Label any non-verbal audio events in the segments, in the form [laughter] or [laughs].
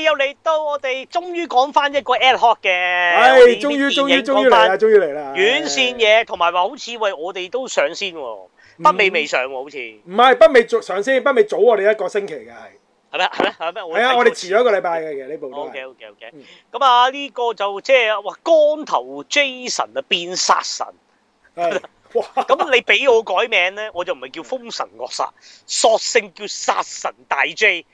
又嚟到我哋，終於講翻一個 ad hoc 嘅，唉，終於終於終於啦，終於嚟啦。遠線嘢，同埋話好似喂，我哋都上先，北美未上喎，好似。唔係北美早上先，北美早我哋一個星期嘅係。係咩？係咩？係咩？係啊，我哋遲咗一個禮拜嘅其實呢部都。ok ok ok。咁啊呢個就即係哇光頭 Jason 啊變殺神。咁你俾我改名咧，我就唔係叫蜂神惡殺，索性叫殺神大 J。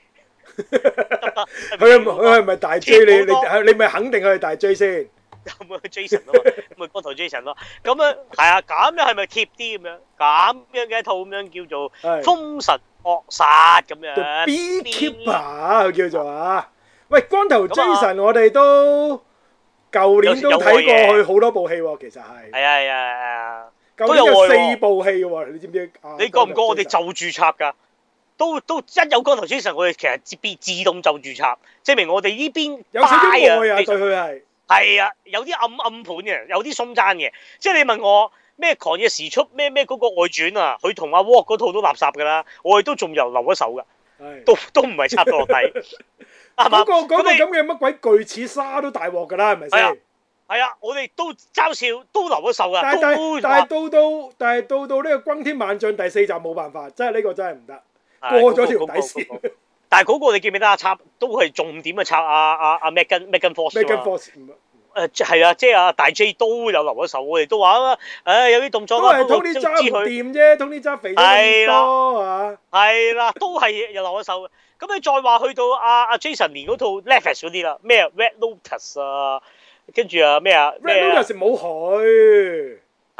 佢佢係咪大追你？你你咪肯定佢係大追先？有冇 Jason 啊？咪光頭 Jason 咯？咁啊，係啊，咁樣係咪 keep 啲咁樣？咁樣嘅一套咁樣叫做蜂神惡殺咁樣。Beekeeper 佢叫做啊？喂，光頭 Jason，我哋都舊年都睇過佢好多部戲，其實係。係啊係啊係啊！舊年有四部戲喎，你知唔知？你覺唔覺我哋就住插噶？都都一有光頭先生，我哋其實自自自動就註冊，證明我哋呢邊有水晶臥佢係係啊，有啲暗暗盤嘅，有啲鬆踭嘅。即係你問我咩狂野時速，咩咩嗰個外傳啊，佢同阿 Rock 嗰套都垃圾㗎啦，我哋都仲有留一手㗎，都都唔係插落底。嗰個嗰個咁嘅乜鬼巨齒鯊都大鑊㗎啦，係咪先？係啊，我哋都嘲笑都留一手㗎，但係到到但係到到呢個轟天萬象第四集冇辦法，真係呢個真係唔得。過咗條底線，但係嗰個你記唔記得啊？插都係重點嘅插。啊！啊啊 Megan Megan Fox 啊，誒，係啊，即係啊，大 J 都有留咗手，我哋都話啊，誒，有啲動作都係通啲渣掂啫，通呢揸肥咗啲多係啦，都係又留咗手。咁你再話去到阿啊 Jason 連嗰套 Netflix 嗰啲啦，咩 Red Notice 啊，跟住啊咩啊 Red Notice 冇佢。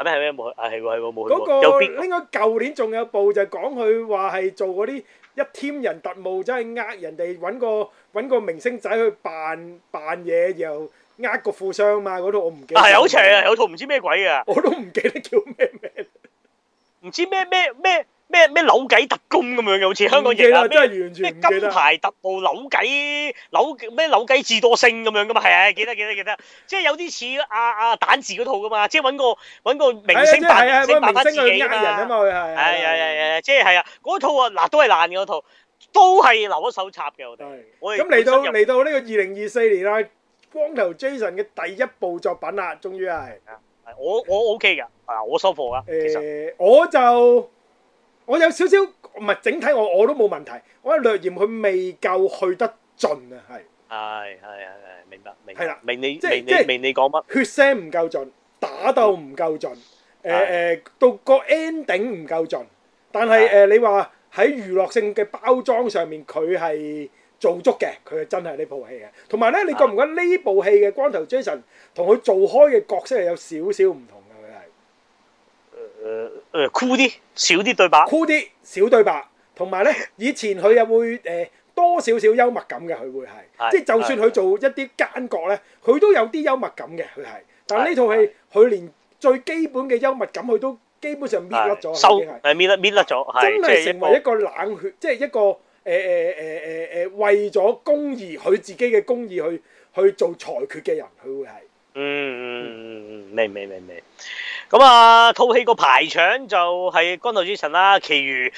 係咩？係咩？冇去。係喎，係喎，冇去。嗰個應該舊年仲有部就係講佢，話係做嗰啲一添人特務，真係呃人哋揾個揾個明星仔去扮扮嘢，又呃個富商嘛。嗰套我唔記得。係有場啊，有套唔知咩鬼啊，我都唔記得叫咩名，唔知咩咩咩。咩咩扭計特工咁樣嘅，好似香港都係完全，咩金牌特務扭計扭咩扭計智多星咁樣噶嘛，係啊，記得記得記得，即係有啲似阿阿蛋字嗰套噶嘛，即係搵個搵個明星，明星扮翻自己啊嘛，係係係，即係係啊，嗰套啊嗱都係爛嘅，嗰套都係留一手插嘅，我哋。咁嚟到嚟到呢個二零二四年啦，光頭 Jason 嘅第一部作品啦，終於係。係我我 OK 噶，我收貨噶。其實，誒，我就。我有少少唔係整體，我我都冇問題。我係略嫌佢未夠去得盡啊，係。係係係係，明白明白。係啦，明你 [noise] 即係明你講乜？血腥唔夠盡，打鬥唔夠盡，誒誒、嗯呃、到個 ending 唔夠盡。但係誒、哎呃，你話喺娛樂性嘅包裝上面，佢係做足嘅，佢係真係呢部戲嘅。同埋咧，你覺唔覺得呢部戲嘅光頭 Jason 同佢做開嘅角色係有少少唔同？誒 cool 啲少啲對白，cool 啲少對白，同埋咧，以前佢又會誒多少少幽默感嘅，佢會係，即係是就算佢做一啲奸角咧，佢都有啲幽默感嘅，佢係。但係呢套戲，佢是連最基本嘅幽默感，佢都基本上搣甩咗，收係，誒搣甩搣甩咗，係真係成為一個冷血，就是、即係一個誒誒誒誒誒為咗公義，佢自己嘅公義去去做裁決嘅人，佢會係。嗯，未未未未，咁啊，套戲個排場就係《鋼鐵之神》啦，其餘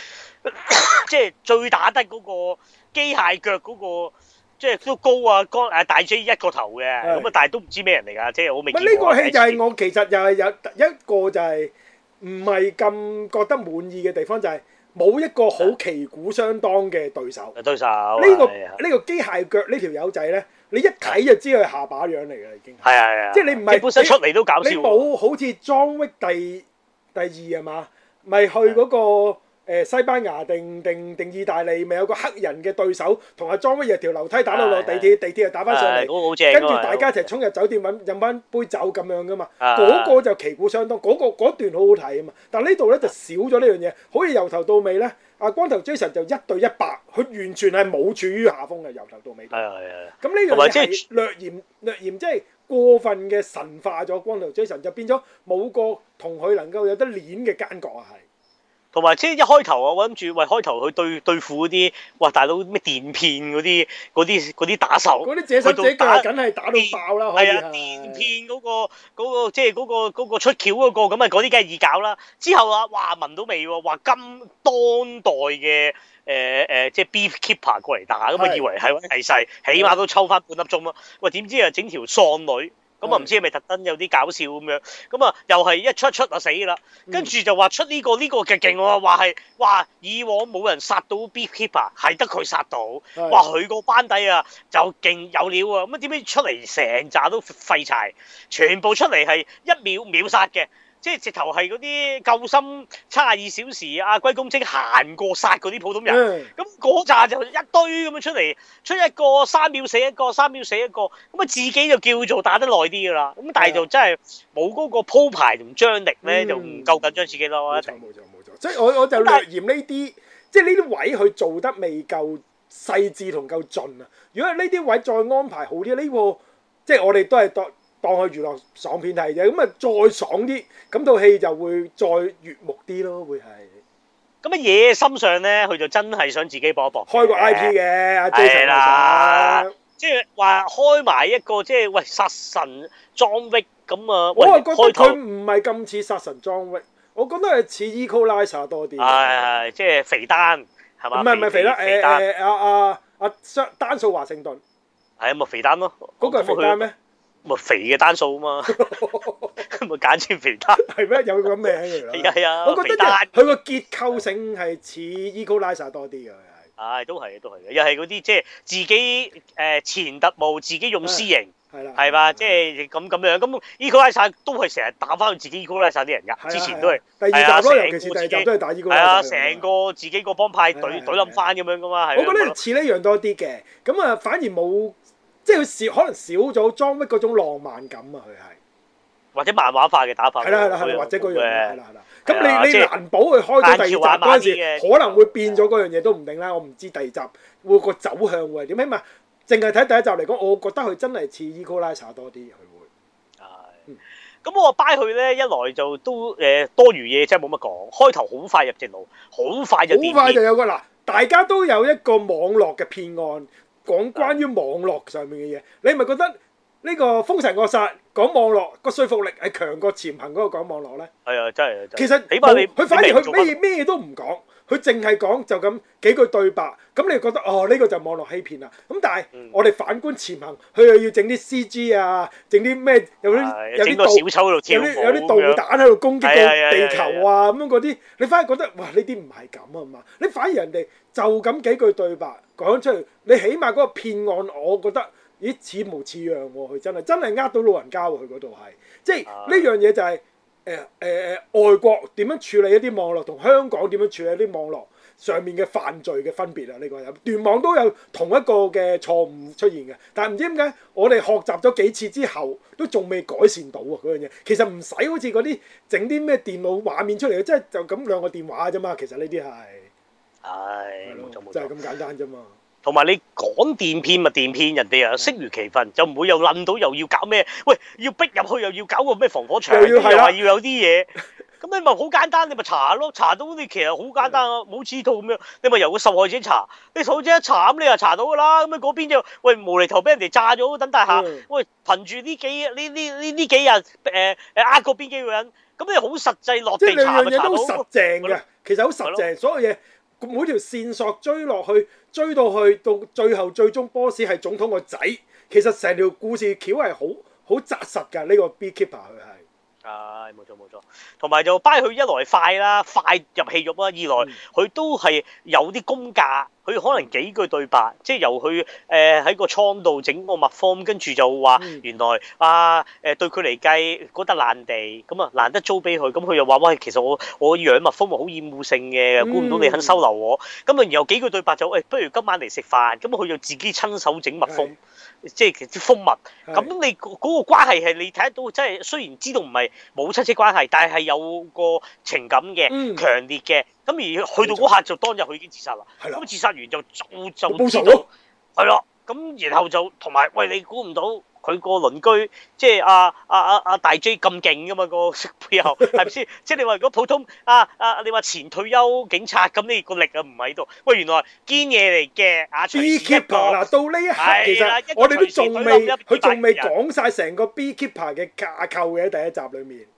[laughs] 即係最打得嗰個機械腳嗰，那個，即係都高啊，鋼誒大 J 一個頭嘅，咁啊的，但係都唔知咩人嚟㗎，即係我未。呢，這個戲就係我其實又係有一個就係唔係咁覺得滿意嘅地方，就係，是，冇一個好旗鼓相當嘅對手。對手呢個呢個機械腳呢條友仔呢。你一睇就知佢下巴樣嚟㗎，已經的。係係係。即係你唔係本身出嚟都搞笑。你冇好似 John Wick 第第二係嘛？咪去嗰、那個的、呃、西班牙定定定意大利咪有個黑人嘅對手，同阿 John Wick 又條樓梯打到落地鐵，的地鐵又打翻上嚟，嗰個好正，跟住大家一齊衝入酒店揾飲翻杯酒咁樣㗎嘛。嗰的個就旗鼓相當，嗰、那個那個、段好好睇啊嘛。但呢度咧的就少咗呢樣嘢，好似由頭到尾咧。阿光頭 Jason 就一對一百，佢完全係冇處於下風嘅，由頭到尾。係啊係係。咁呢樣嘢係略嫌略嫌，即係過分嘅神化咗光頭 Jason，就變咗冇個同佢能夠有得攣嘅奸角啊，係。同埋即係一開頭，我諗住喂開頭去對對付嗰啲，哇大佬咩電片嗰啲嗰啲啲打手，嗰啲借手者梗係打到爆啦，係啊電,電片嗰、嗰個、嗰個、即係、嗰、嗰個、嗰個、出橋嗰、嗰個咁啊，嗰啲梗係易搞啦。之後啊，哇聞到味喎，哇今當代嘅誒誒即係 Beekeeper 過嚟打，咁啊以為係位細，的的起碼都抽返半粒鐘啦。喂點知啊，整條喪女～咁啊，唔、嗯、知係咪特登有啲搞笑咁樣，咁啊又係一出一出就死啦，跟住就話出呢、呢個呢、呢個極勁喎，話係話以往冇人殺到 Beekeeper，係得佢殺到，話佢個班底啊就勁有料啊，咁啊點解出嚟成扎都廢柴，全部出嚟係一秒秒殺嘅？即係直頭係嗰啲救心七廿二小時啊，龜公精行過殺嗰啲普通人，咁嗰扎就一堆咁樣出嚟，出一個三秒死一個，三秒死一個，咁啊自己就叫做打得耐啲噶啦，咁但係就真係冇嗰個鋪排同張力咧，嗯、就唔夠緊張自己咯。嗯、一齊，冇錯，冇錯。所以我我就略嫌呢啲，即係呢啲位佢做得未夠細緻同夠盡啊。如果係呢啲位再安排好啲，呢、呢個即係、就是、我哋都係當佢娛樂爽片睇嘅，咁啊再爽啲，咁套戲就會再悅目啲咯，會係。咁啊野心上咧，佢就真係想自己搏一搏，開個 IP 嘅。係啦，即係話開埋一個，即係喂殺神 John Wick 咁啊！我係覺得佢唔係咁似殺神 John Wick，我覺得係似 Equalizer 多啲。係，即係肥丹，係嘛？唔唔係肥啦，誒誒，阿阿阿雙丹素華盛頓。係啊，咪肥丹咯。嗰個係肥丹咩？咪肥嘅單數啊嘛，咪簡稱肥單，係咩？有個名㗎啦，係啊，我係啊，佢個結構性係似 Equalizer 多啲嘅，係。唉，都係都係嘅，又係嗰啲即係自己誒前特務，自己用私刑，係啦，係嘛，即係咁咁樣，咁 Equalizer 都係成日打翻佢自己 Equalizer 啲人㗎，之前都係。第二集都尤其是係啊，成個自己個幫派隊隊冧翻咁樣㗎嘛，係。我覺得似呢樣多啲嘅，咁啊反而冇。即係佢可能少咗裝乜嗰種浪漫感啊！佢係或者漫畫化嘅打法，係啦係啦係啦，是是或者嗰樣嘢係啦係啦。咁你你難保佢開咗第二集嗰陣時，可能會變咗嗰樣嘢都唔定啦。我唔知第二集會個走向會係點。起碼淨係睇第一集嚟講，我覺得佢真係似 Equalizer 多啲。佢會係咁我話掰佢咧，一來就都誒多餘嘢，真係冇乜講。開頭好快入正路，好快就好快，快就有個嗱，大家都有一個網絡嘅騙案。講關於網絡上面嘅嘢，你係咪覺得呢個《蜂神惡殺》講網絡個說服力係強過潛行嗰個講網絡咧？係啊，真 [noise] 係樂，其實你佢反而佢咩咩都唔講。佢淨係講就咁幾句對白，咁你覺得哦呢個就網絡欺騙啦。咁但係我哋反觀潛行，佢又要整啲 CG 啊，整啲咩有啲有啲小偷喺度有啲有啲導彈喺度攻擊地球啊咁樣嗰啲，你反而覺得哇呢啲唔係咁啊嘛。你反而人哋就咁幾句對白講出嚟，你起碼嗰個騙案，我覺得咦似模似樣喎。佢真係真係呃到老人家喎。佢嗰度係即係呢樣嘢就係。誒誒誒，外國點樣處理一啲網絡同香港點樣處理一啲網絡上面嘅犯罪嘅分別啊？呢個有斷網都有同一個嘅錯誤出現嘅，但係唔知點解我哋學習咗幾次之後都仲未改善到啊！嗰樣嘢其實唔使好似嗰啲整啲咩電腦畫面出嚟嘅，即係就咁兩個電話啫嘛。其實呢啲係係就係咁簡單啫嘛。同埋你講電騙咪電騙人哋啊，適如其分，嗯、就唔會又冧到又要搞咩？喂，要逼入去又要搞個咩防火牆？ [noise] 又話要有啲嘢，咁 [laughs] 你咪好簡單，你咪查咯。查到你其實好簡單啊，冇似套咁樣。你咪由個受害者查，你受害者一查你又查，查到噶啦。咁樣嗰邊就喂無厘頭俾人哋炸咗，等大下喂憑住呢幾呢呢呢呢幾日誒誒呃過邊幾個人？咁、呃、你好實際落地查咪查到？其實好實正嘅，其實好實正，所有嘢每條線索追落去。追到去，到最後最終波士係總統個仔，其實成條故事橋係好好紮實嘅。呢、這個 Beekeeper 佢係，唉、哎，冇錯冇錯，同埋就 b 佢一來快啦，快入戲肉啦，二來佢、嗯、都係有啲功架。佢可能幾句對白，即係由佢誒喺個倉度整個蜜蜂，跟住就話原來啊誒、呃、對佢嚟計嗰笪爛地咁啊，就難得租俾佢，咁佢又話喂，其實我我養蜜蜂好厭惡性嘅，估唔到你肯收留我，咁啊，然後幾句對白就喂、欸，不如今晚嚟食飯，咁啊，佢就自己親手整蜜蜂，蜂，是即係蜂蜜。咁是你嗰個關係係你睇得到真，即係雖然知道唔係冇親戚關係，但係有個情感嘅強烈嘅。嗯。咁而去到嗰刻就當日佢已經自殺啦。咁的自殺完就就就報仇，係咯。咁然後就同埋喂，你估唔到佢個鄰居即係阿阿阿阿大 J 咁勁噶嘛個背後係咪先？即係你話如果普通啊啊你話前退休警察咁你個力啊唔喺度。喂，原來堅嘢嚟嘅啊 B keeper 嗱，到呢一刻其實我哋都仲未佢仲未講晒成個 B keeper 嘅架構嘅喺第一集裡面。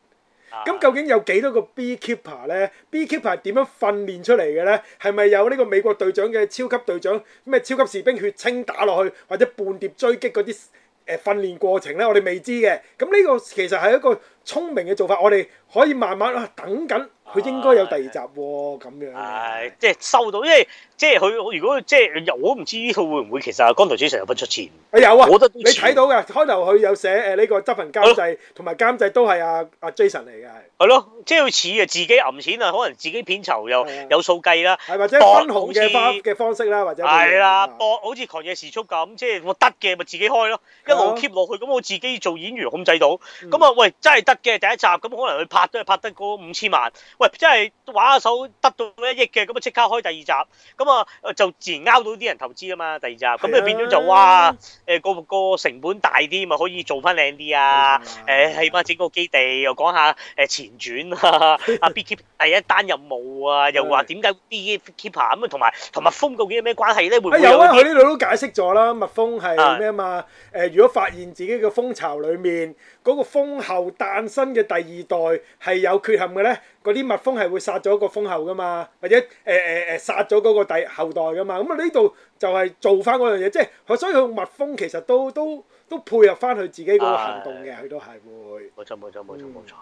咁究竟有幾多個 Beekeeper 咧？Beekeeper 係點樣訓練出嚟嘅咧？係咪有呢個美國隊長嘅超級隊長咩超級士兵血清打落去，或者叛諜追擊嗰啲誒訓練過程咧？我哋未知嘅。咁呢個其實係一個聰明嘅做法，我哋可以慢慢、啊、等緊。佢應該有第二集喎，咁樣。係，即係收到，因為即係佢如果即係我唔知呢套會唔會其實光頭 Jason 有份出錢。有啊，我覺得。你睇到嘅開頭佢有寫誒呢個執行監製同埋監製都係阿阿 Jason 嚟嘅。係咯，即係好似啊自己揞錢啊，可能自己片酬又有數計啦，或者分紅嘅方嘅方式啦，或者係啦，博好似狂野時速咁，即係我得嘅咪自己開咯，一路 keep 落去咁，我自己做演員控制到咁啊喂，真係得嘅第一集咁，可能佢拍都係拍得嗰五千萬。即係玩手得到一億嘅，咁啊即刻開第二集，咁、嗯、啊就自然勾到啲人投資啊嘛。第二集咁是、啊、就變咗就哇，誒、呃、個個成本大啲，嘛，可以做翻靚啲啊！誒起翻整個基地，又講下誒前傳啊，阿 Beekeeper 第一單任務啊，是啊又話點解 Beekeeper 咁啊？同埋同蜜蜂究竟有咩關係咧？會唔會有？啊有啊！佢呢度都解釋咗啦，蜜蜂係咩是啊嘛？誒如果發現自己嘅蜂巢裡面。嗰個蜂後誕生嘅第二代係有缺陷嘅咧，嗰啲蜜蜂係會殺咗個蜂後噶嘛，或者誒誒誒殺咗嗰個第後代噶嘛，咁啊呢度就係做翻嗰樣嘢，即係所以佢蜜蜂其實都都都配合翻佢自己嗰個行動嘅，佢都係會。冇錯冇錯冇錯冇錯。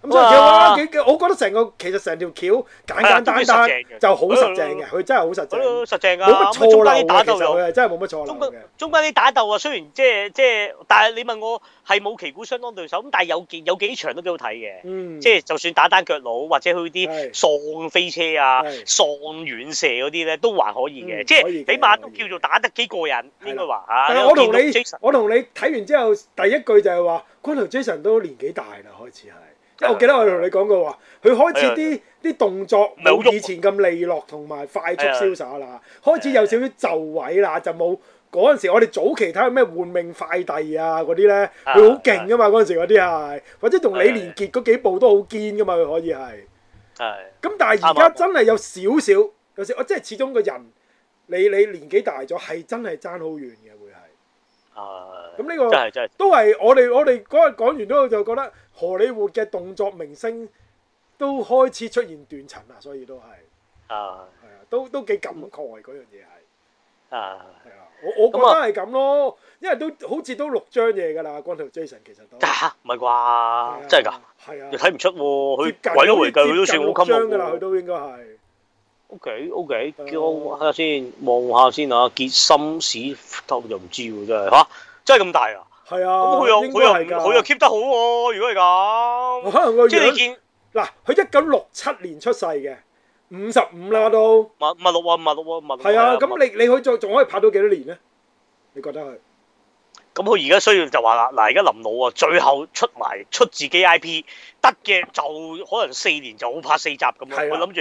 咁我覺得成個其實成條橋簡簡單單就好實正嘅，佢真係好實正，冇錯啦。其實佢係真係冇乜錯啦。中間啲打鬥啊，雖然即係即係，但係你問我係冇旗鼓相當對手，咁但係有有幾場都幾好睇嘅。即係就算打單腳佬或者去啲喪飛車啊、喪遠射嗰啲咧，都還可以嘅。即係起碼都叫做打得幾過癮，應該話嚇。我同你，我同你睇完之後，第一句就係話，光頭 Jason 都年紀大啦，開始係。即係我記得我同你講過話，佢開始啲啲動作冇以前咁利落同埋快速瀟灑啦，開始有少少就位啦，就冇嗰陣時我哋早期睇咩換命快遞啊嗰啲咧，佢好勁㗎嘛嗰陣時嗰啲係，或者同李連杰嗰幾部都好堅㗎嘛，佢可以係，係。咁但係而家真係有少少，有少我即係始終個人，你你年紀大咗係真係爭好遠嘅會係。啊。咁呢個真係真係都係我哋我哋嗰日講完都就覺得。荷里活嘅動作明星都開始出現斷層啦，所以都係啊，係啊、uh,，都都幾感慨嗰樣嘢係啊，係啊、uh,，我我覺得係咁咯，因為都好似都六張嘢㗎啦，光頭 Jason 其實都唔係啩，真係㗎，係啊，又睇唔、啊、出喎，佢揀咗回計，佢都算好襟喎，六張㗎啦，佢都應該係。O K O K，叫我下先望下先啊，傑森史都就唔知喎真係嚇，真係咁大啊！係啊，佢又佢又佢又 keep 得好喎、啊。如果係咁，可能即係你見嗱，佢一九六七年出世嘅，五十五啦都。五五十六啊，唔係六喎、啊，五係啊。咁、啊啊、你你佢仲仲可以拍到幾多年咧？你覺得佢？咁佢而家需要就話啦，嗱而家臨老啊，最後出埋出自己 I P 得嘅就可能四年就好拍四集咁樣。我諗住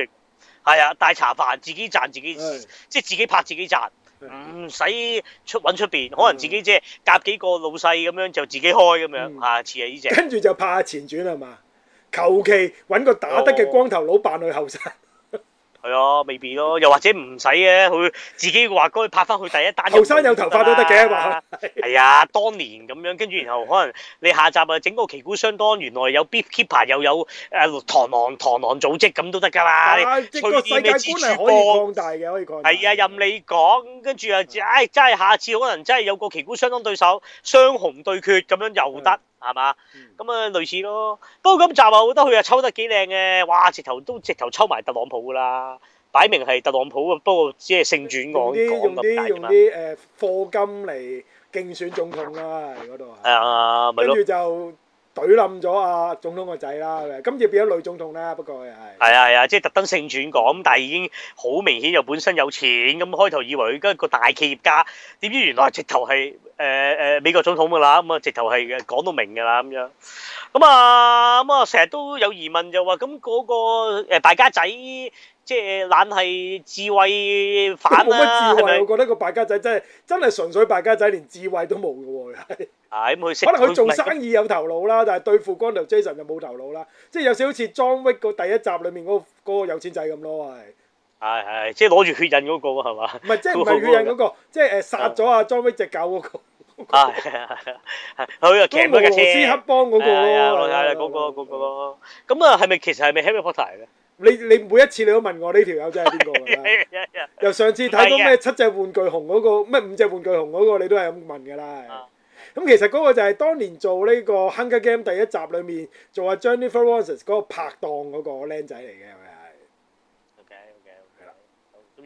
係啊，大、啊、茶飯自己賺自己，即係是自己拍自己賺。唔使、嗯、出揾出邊，嗯、可能自己即係夾幾個老細咁樣就自己開咁樣，下次啊呢隻，隻跟住就拍下前傳係嘛？求其揾個打得嘅光頭佬扮佢後生。哦係咯未必 y 咯，又或者唔使嘅，佢自己話哥拍翻佢第一單，後生有頭髮都得嘅話。係 [laughs] 啊，當年咁樣，跟住然後可能你下集啊整個旗鼓相當，原來有 Beekeeper 又有誒、啊、螳螂螳螂組織咁都得㗎啦。佢啊，啊，整個世界觀係可以放大嘅，可以講。係啊，任你講，跟住又唉，真係下次可能真係有個旗鼓相當對手雙雄對決咁樣又得。嗯。係嘛？咁啊，類似咯。不過咁集我覺得佢啊抽得幾靚嘅，哇！直頭都直頭抽埋特朗普噶啦，擺明係特朗普啊。不過即係性轉講用啲用啲用啲貨金嚟競選總統啦。度啊，係啊，咪咯。跟住就懟冧咗阿總統個仔啦。今次變咗女總統啦。不過又係。係啊係啊，即係特登性轉講，但係已經好明顯又本身有錢。咁開頭以為佢跟個大企業家，點知原來直頭係。誒誒，美國總統噶啦，咁啊直頭係講到明噶啦，咁樣，咁啊咁啊，成、啊、日、啊、都有疑問就話，咁嗰、那個誒、呃、敗家仔，即係懶係智慧反冇乜智慧，是是我覺得個敗家仔真係真係純粹敗家仔，連智慧都冇噶喎，啊、可能佢做生意有頭腦啦，就是、但係對付光頭 Jason 就冇頭腦啦，即係有少少似 John Wick 個第一集裏面嗰嗰個有錢仔咁咯，係。係係，即係攞住血印嗰個係嘛？唔係，即係唔係血印嗰個，即係誒殺咗阿 John Wick 隻狗嗰個。係係係，佢又騎咗架車。俄羅斯黑幫嗰個咯，係啊，嗰個嗰個。咁啊，係咪其實係咪 Harry Potter 咧？你你每一次你都問我呢條友真係邊個？由上次睇到咩七隻玩具熊嗰個，咩五隻玩具熊嗰個，你都係咁問噶啦。咁其實嗰個就係當年做呢個《Hunger Game》第一集裏面，做阿 Jennifer Lawrence 嗰個拍檔嗰個僆仔嚟嘅，係。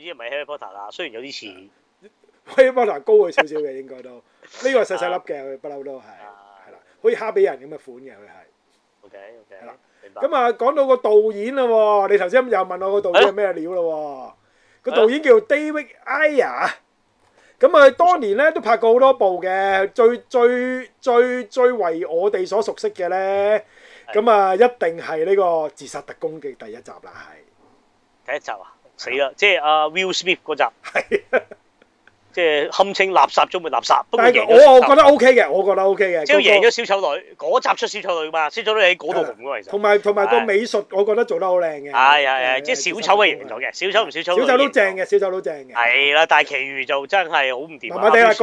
呢個唔係 Harry Potter 啦，Harry Potter，雖然有啲似 [laughs] Harry Potter，高佢少少嘅應該都呢個細細粒嘅，不嬲 [laughs] 都係係啦，好似哈比人咁嘅款嘅佢係。O K O K，明白。咁啊，講到個導演啦，你頭先又問我個導演係咩料啦喎？個 [laughs] 導演叫 David Ayer，咁 [laughs] 啊，當年咧都拍過好多部嘅，最最最最，最為我哋所熟悉嘅咧，咁 [laughs] 啊，一定係呢個《自殺特攻》嘅第一集啦，係第一集啊！死啦！即係阿 Will Smith 嗰集，係即係堪稱垃圾中嘅垃圾。但係我我覺得 OK 嘅，我覺得 OK 嘅。即係贏咗小丑女嗰集出小丑女啊嘛，小丑女喺嗰度紅嘅其實。同埋同埋個美術，我覺得做得好靚嘅。係係係，即係小丑係贏咗嘅，小丑唔小丑。小丑都正嘅，小丑都正嘅。係啦，但係其餘就真係好唔掂。麻麻地啦，嗰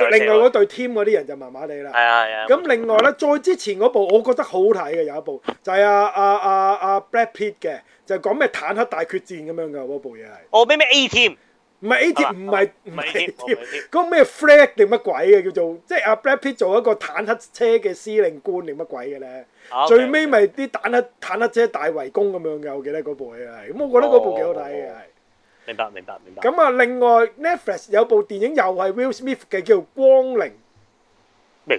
個另外嗰隊 team 嗰啲人就麻麻地啦。係啊係啊。咁另外咧，再之前嗰部我覺得好睇嘅有一部，就係阿阿阿阿 Black Pit 嘅。就講咩坦克大決戰咁樣噶，嗰部嘢係，哦咩咩 A team，唔係 A team，唔係唔係 A team，嗰個咩 flag 定乜鬼嘅，叫做即係阿 Brad Pitt 做一個坦克車嘅司令官定乜鬼嘅咧，最尾咪啲坦克坦克車大圍攻咁樣嘅。我記得嗰部嘢係咁，我覺得嗰部幾好睇嘅。係，明白明白明白咁啊！另外 Netflix 有部電影又係 Will Smith 嘅，叫做《光靈》。咩？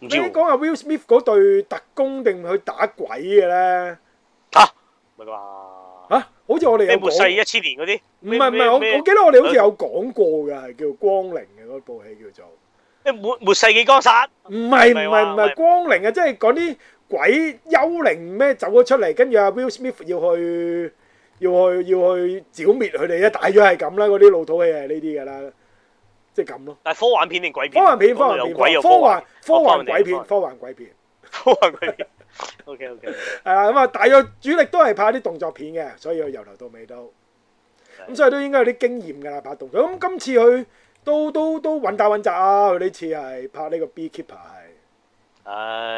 唔知講阿 Will Smith 嗰隊特工定去打鬼嘅咧？咪話吓，好似我哋有末世一千年嗰啲，唔係唔係，我我記得我哋好似有講過嘅，係叫光靈嘅嗰部戲叫做，即係末末世紀光殺，唔係唔係唔係光靈啊，即係講啲鬼幽靈咩走咗出嚟，跟住阿 Will Smith 要去要去要去剿滅佢哋啊，大約係咁啦，嗰啲老土戲係呢啲噶啦，即係咁咯。但係科幻片定鬼片？科幻片，科幻鬼，科幻科幻鬼片，科幻鬼片，科幻鬼片。O K O K，係啦，咁啊，大約主力都係拍啲動作片嘅，所以佢由頭到尾都咁，的所以都應該有啲經驗噶啦，拍動作。咁今次佢都都都穩打穩紮啊，佢呢次係拍呢個 Beekeeper 係，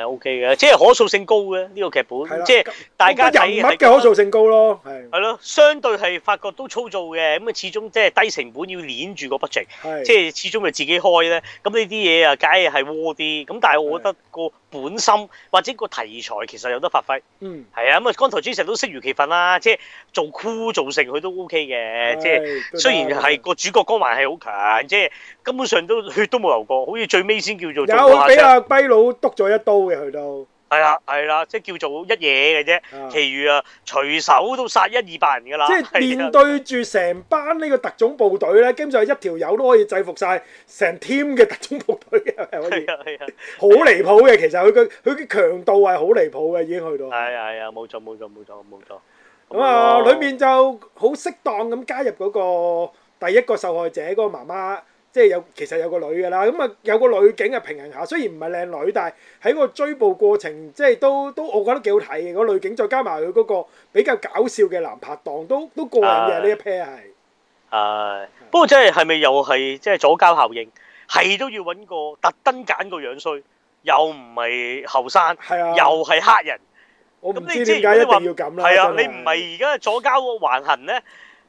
誒 O K 嘅，即係可塑性高嘅呢、這個劇本，的即係大家人物嘅可塑性高咯，係係咯，相對係發覺都粗糙嘅，咁啊始終即係低成本要捻住個 budget，即係始終咪自己開咧，咁呢啲嘢啊，梗係係窩啲，咁但係我覺得、那個。本心或者個題材其實有得發揮，嗯，係啊，咁啊光頭 G 成都適如其分啦、啊，即係做酷做成佢都 O K 嘅，即係的雖然係個主角光環係好強，的即係根本上都血都冇流過，好似最尾先叫做話有俾阿跛佬督咗一刀嘅佢都。係啦，係啦，即係叫做一嘢嘅啫，其餘啊隨手都殺一二百人噶啦。即係面對住成班呢個特種部隊咧，基本上一條友都可以制服晒成 team 嘅特種部隊，係可以，係啊， [laughs] 好離譜嘅，其實佢嘅佢嘅強度係好離譜嘅，已經去到。係啊係啊，冇錯冇錯冇錯冇錯。咁啊，裏面就好適當咁加入嗰個第一個受害者嗰個媽媽。即係有，其實有個女嘅啦，咁啊，有個女警啊，平衡下，雖然唔係靚女，但係喺個追捕過程，即係都都，我覺得幾好睇嘅個女警，再加埋佢嗰個比較搞笑嘅男拍檔，都都過癮嘅呢一 pair 係。誒，不過即係係咪又係即係左膠效應？係都要揾個特登揀個樣衰，又唔係後生，又係黑人。我唔知點解一定要咁啦。係啊，你唔係而家左膠橫行咧？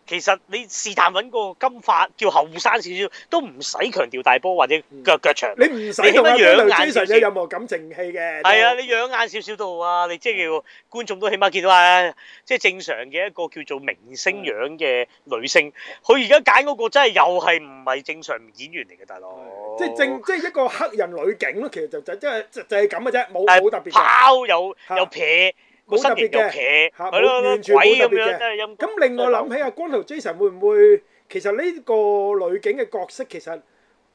其實你是但揾個金髮叫後生少少，都唔使強調大波或者腳腳長。嗯、你唔使咁，你點樣養眼上實有任何感情氣嘅。係啊，你養眼少少到啊，嗯、你即係叫觀眾都起碼見到啊，即、就、係、是、正常嘅一個叫做明星樣嘅女星。佢而家揀嗰個真係又係唔係正常演員嚟嘅，大佬、嗯？即係正，即係一個黑人女警咯。其實就就即係就係咁嘅啫，冇冇特別。拋有有撇。有啊冇特別嘅嚇，冇完全冇特別嘅。咁令我諗起啊，光頭 Jason 會唔會其實呢個女警嘅角色，其實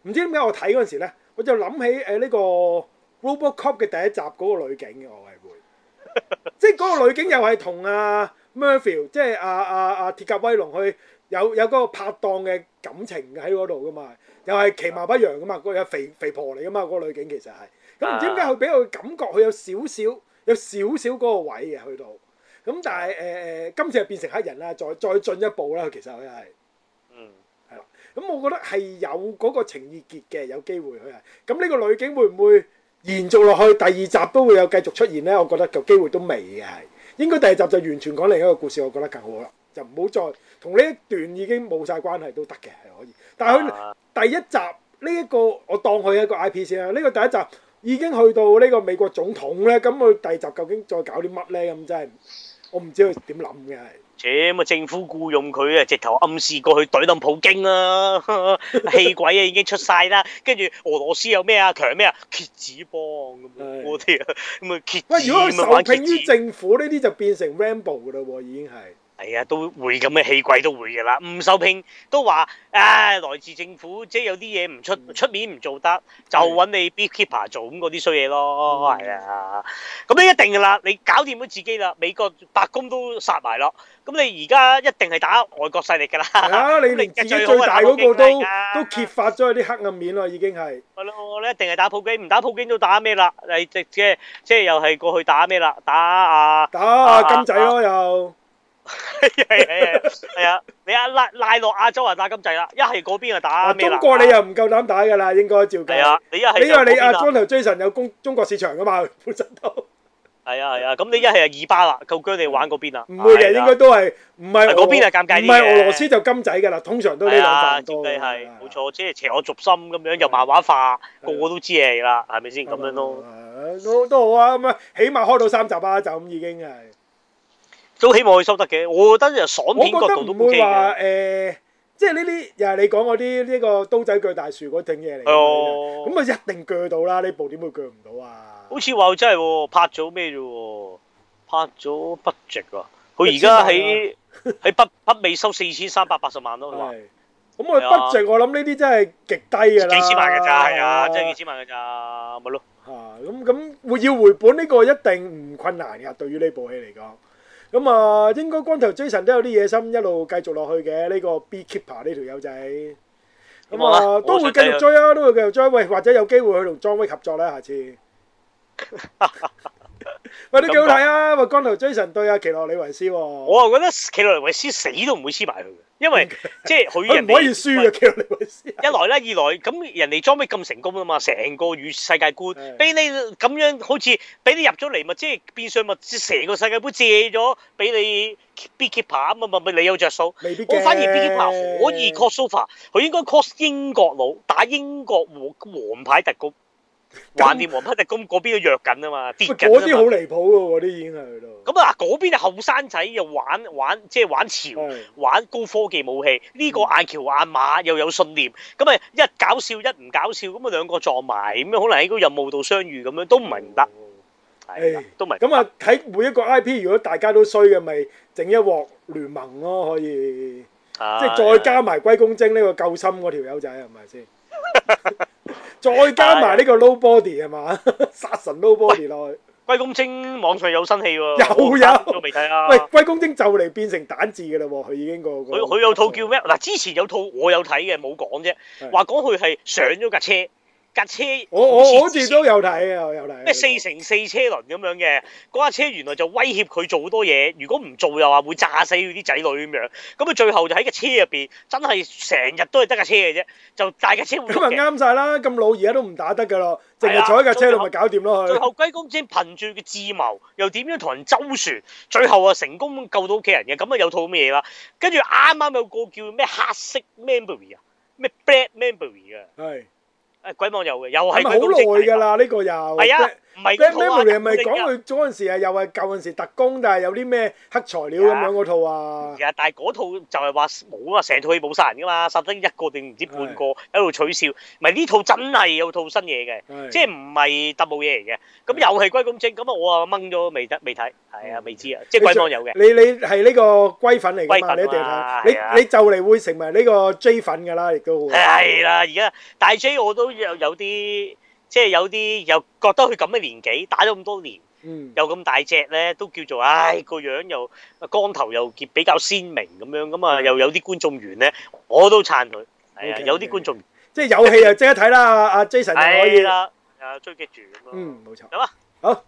唔知點解我睇嗰陣時咧，我就諗起誒呢個《RoboCop》嘅第一集嗰個女警嘅，我係會，即係嗰個女警又係同阿 Murphy，即係阿阿阿鐵甲威龍去有有嗰個拍檔嘅感情喺嗰度噶嘛，又係其貌不揚噶嘛，嗰個肥肥婆嚟噶嘛，嗰個女警其實係咁，唔知點解佢俾我感覺佢有少少。有少少嗰個位嘅去到，咁但係誒誒，今次就變成黑人啦，再再進一步啦，其實佢係，嗯，係啦，咁我覺得係有嗰個情意結嘅，有機會佢係，咁呢個女警會唔會延續落去第二集都會有繼續出現咧？我覺得個機會都未嘅係，應該第二集就完全講另一個故事，我覺得更好啦，就唔好再同呢一段已經冇晒關係都得嘅，係可以。但係佢、啊、第一集呢、呢個、一個我當佢一個 IP 先啦，呢個第一集。已經去到呢個美國總統咧，咁佢第二集究竟再搞啲乜咧？咁真係我唔知佢點諗嘅。咁啊，政府僱用佢啊，直頭暗示過去對掟普京啦、啊， [laughs] 氣鬼啊已經出晒啦。跟住俄羅斯有咩啊？強咩啊？揭子幫咁啊！是我屌咁啊！蠍喂，如果佢受聘於政府，呢啲子就變成 Rambo 噶啦喎，已經係。係啊，都會咁嘅氣鬼都會噶啦。吳秀平都話，誒、啊，來自政府，即係有啲嘢唔出、嗯、出面唔做得，就揾你 Beekeeper 做咁嗰啲衰嘢咯。係啊、嗯，咁、哎、你一定噶啦，你搞掂咗自己啦，美國白宮都殺埋咯。咁你而家一定係打外國勢力噶啦、啊。你連自己最大嗰部 [laughs] 都都揭發咗啲黑暗面咯，已經係。我咯，一定係打普京，唔打普京都打咩啦？你即係即係又係過去打咩啦？打啊打啊金仔咯又。啊啊啊係係係係啊！你阿賴賴落亞洲啊打金仔啦，一係嗰邊啊打。中國你又唔夠膽打噶啦，應該照計啦。你一係你因為你阿 John 和 Jason 有公中國市場噶嘛，本身都係啊係啊。咁你一係二巴啦，夠薑你玩嗰邊啊？唔會嘅，應該都係唔係嗰邊啊，尷尬啲。唔係俄羅斯就金仔噶啦，通常都呢兩份多。係啊，設計係冇錯，即係邪惡俗心咁樣又漫畫化，個個都知你啦，係咪先咁樣咯？都都好啊，咁啊，起碼開到三集啊，就咁已經係。都希望佢收得嘅，我覺得又爽片角度都唔會話，欸。即係呢啲又係你講嗰啲呢個刀仔鋸大樹嗰種嘢嚟。咁啊，一定鋸到啦！呢部點會鋸唔到啊？好似話真係拍咗咩啫？拍咗 budget 啊！佢而家喺喺北北美收四千三百八十萬咯。咁我 budget，我諗呢啲真係極低噶啦，幾千萬噶咋係啊？真係幾千萬噶咋咪咯？吓咁咁會要回本呢個一定唔困難嘅。對於呢部戲嚟講。咁啊，應該光頭 Jason 都有啲野心，一路繼續落去嘅呢個 Beekeeper 呢條友仔，咁啊都會繼續追啊，都會繼續追、啊，喂，或者有機會去同莊威合作啦、啊，下次。 [laughs] 喂，都幾好睇啊！光頭 Jason 對阿奇洛李維斯，哦，我又覺得奇洛李維斯死都唔會黐埋佢嘅，因為 [laughs] 即係佢唔可以輸啊！奇洛李維斯一來咧，二來咁人哋裝備咁成功啊嘛，成個世界觀俾的你咁樣，好似俾你入咗嚟，咪即係變相咪成個世界杯借咗俾你 Beekeeper 啊嘛，咪你，你有着數，我反而 Beekeeper 可以 crossover 佢應該 cross 英國佬打英國皇皇牌特工。橫掂王不敵公嗰邊都弱緊啊嘛，跌緊啊嘛。嗰啲好離譜噶，嗰啲已經係咯。咁啊嗱，嗰邊後生仔又玩玩，即係玩潮，玩高科技武器。呢個嗌橋阿馬又有信念，咁啊一搞笑一唔搞笑，咁啊兩個撞埋，咁樣可能喺嗰個任務度相遇，咁樣都唔係唔得。係，都唔係。咁啊睇每一個 IP，如果大家都衰嘅，咪整一鑊聯盟咯，可以。啊。即係再加埋龜公精呢個救心嗰條友仔，係咪先？ [laughs] 再加埋呢個 Low Body 係嘛，殺神 Low Body 落去喂。龜公精網上有新戲喎，又有都未睇啊。喂，龜公精就嚟變成蛋字嘅啦，佢已經個個。佢佢有套叫咩？嗱， [laughs] 之前有套我有睇嘅，冇講啫，是的 話講佢係上咗架車。架車我，我好我好似都有睇啊！有睇咩四乘四車輪咁樣嘅嗰架車，原來就威脅佢做好多嘢。如果唔做又話會炸死佢啲仔女咁樣。咁啊，最後就喺架車入邊，真係成日都係得架車嘅啫。就大架車。咁啊啱晒啦！咁老而家都唔打得噶咯，淨係坐喺架車度咪搞掂咯。最後雞公先憑住嘅智謀，又點樣同人周旋？最後啊，成功救到屋企人嘅。咁啊，剛剛有套咩嘢啦？跟住啱啱有個叫咩黑色 memory 啊，mem，咩 black memory 啊，係。誒鬼網友又係好耐㗎啦，呢個又。哎唔係，Batman 無釐係咪講佢嗰陣時啊？又係舊陣時特工，但係有啲咩黑材料咁樣嗰套啊？其實但係嗰套就係話冇啊，成套戲冇殺人噶嘛，殺得一個定唔知半個喺度取笑。唔係呢套真係有套新嘢嘅，即係唔係特務嘢嚟嘅。咁又係龜公精，咁啊我啊掹咗未得未睇。係啊，未知啊，即係龜公有嘅。你你係呢個龜粉嚟㗎嘛？你哋睇，你你就嚟會成為呢個 J 粉㗎啦，亦都係。係啦，而家大 J 我都有有啲。即係有啲又覺得佢咁嘅年紀打咗咁多年，嗯、又咁大隻咧，都叫做唉個樣又光頭又比較鮮明咁樣咁啊！又有啲觀眾緣咧，我都撐佢。係啊，有啲觀眾緣即係有戲啊，即刻睇啦，阿 Jason 就可以啦，阿追擊住嗯，冇錯，走啊，吧好。